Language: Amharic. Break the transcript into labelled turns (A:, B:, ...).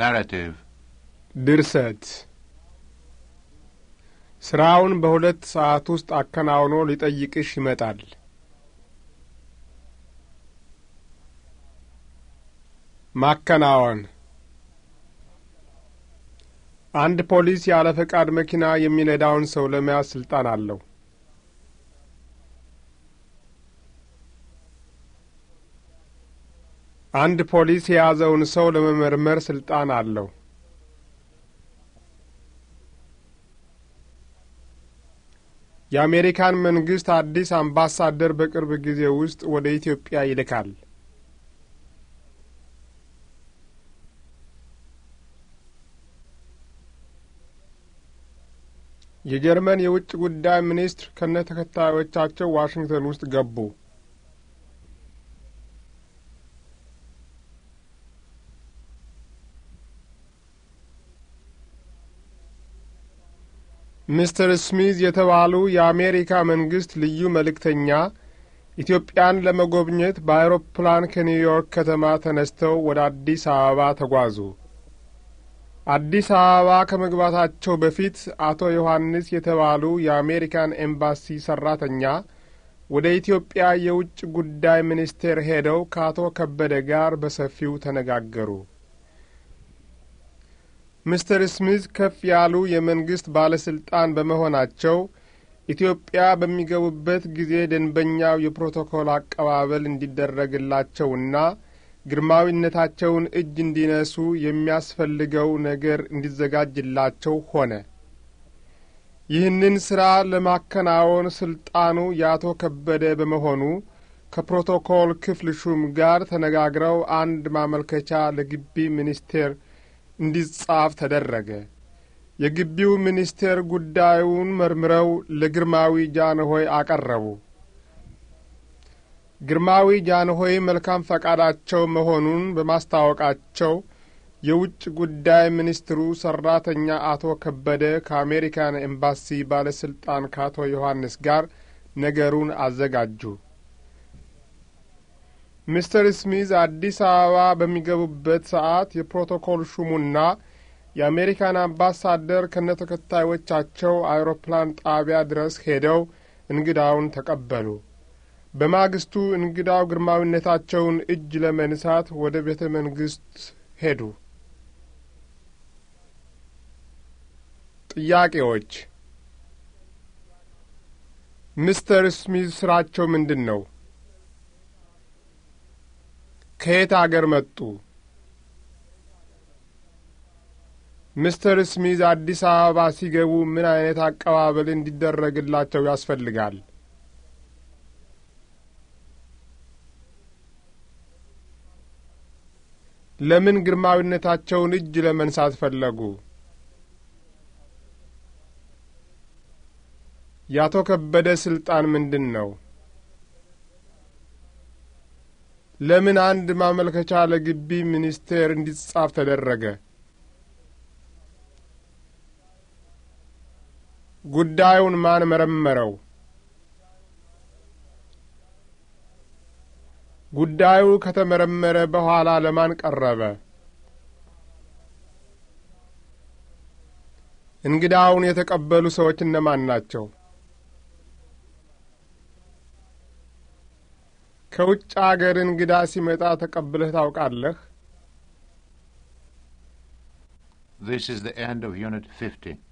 A: ናራቲቭ ድርሰት ስራውን በሁለት ሰዓት ውስጥ አከናውኖ ሊጠይቅሽ ይመጣል። ማከናወን አንድ ፖሊስ ያለ ፈቃድ መኪና የሚነዳውን ሰው ለመያዝ ስልጣን አለው። አንድ ፖሊስ የያዘውን ሰው ለመመርመር ስልጣን አለው። የአሜሪካን መንግስት አዲስ አምባሳደር በቅርብ ጊዜ ውስጥ ወደ ኢትዮጵያ ይልካል። የጀርመን የውጭ ጉዳይ ሚኒስትር ከነ ተከታዮቻቸው ዋሽንግተን ውስጥ ገቡ። ሚስተር ስሚዝ የተባሉ የአሜሪካ መንግስት ልዩ መልእክተኛ ኢትዮጵያን ለመጎብኘት በአውሮፕላን ከኒውዮርክ ከተማ ተነስተው ወደ አዲስ አበባ ተጓዙ። አዲስ አበባ ከመግባታቸው በፊት አቶ ዮሐንስ የተባሉ የአሜሪካን ኤምባሲ ሰራተኛ ወደ ኢትዮጵያ የውጭ ጉዳይ ሚኒስቴር ሄደው ከአቶ ከበደ ጋር በሰፊው ተነጋገሩ። ምስተር ስሚዝ ከፍ ያሉ የመንግሥት ባለሥልጣን በመሆናቸው ኢትዮጵያ በሚገቡበት ጊዜ ደንበኛው የፕሮቶኮል አቀባበል እንዲደረግላቸውና ግርማዊነታቸውን እጅ እንዲነሱ የሚያስፈልገው ነገር እንዲዘጋጅላቸው ሆነ። ይህንን ሥራ ለማከናወን ስልጣኑ የአቶ ከበደ በመሆኑ ከፕሮቶኮል ክፍል ሹም ጋር ተነጋግረው አንድ ማመልከቻ ለግቢ ሚኒስቴር እንዲጻፍ ተደረገ። የግቢው ሚኒስቴር ጉዳዩን መርምረው ለግርማዊ ጃንሆይ አቀረቡ። ግርማዊ ጃንሆይ መልካም ፈቃዳቸው መሆኑን በማስታወቃቸው የውጭ ጉዳይ ሚኒስትሩ ሰራተኛ አቶ ከበደ ከአሜሪካን ኤምባሲ ባለስልጣን ከአቶ ዮሐንስ ጋር ነገሩን አዘጋጁ። ሚስተር ስሚዝ አዲስ አበባ በሚገቡበት ሰዓት የፕሮቶኮል ሹሙና የአሜሪካን አምባሳደር ከነተከታዮቻቸው አውሮፕላን ጣቢያ ድረስ ሄደው እንግዳውን ተቀበሉ። በማግስቱ እንግዳው ግርማዊነታቸውን እጅ ለመንሳት ወደ ቤተ መንግስት ሄዱ። ጥያቄዎች። ሚስተር ስሚዝ ስራቸው ምንድን ነው? ከየት አገር መጡ? ምስተር ስሚዝ አዲስ አበባ ሲገቡ ምን አይነት አቀባበል እንዲደረግላቸው ያስፈልጋል? ለምን ግርማዊነታቸውን እጅ ለመንሳት ፈለጉ? የአቶ ከበደ ስልጣን ምንድን ነው? ለምን አንድ ማመልከቻ ለግቢ ሚኒስቴር እንዲጻፍ ተደረገ? ጉዳዩን ማን መረመረው? ጉዳዩ ከተመረመረ በኋላ ለማን ቀረበ? እንግዳውን የተቀበሉ ሰዎች እነማን ናቸው? ከውጭ አገር እንግዳ ሲመጣ ተቀብለህ ታውቃለህ? This is the end of Unit 15.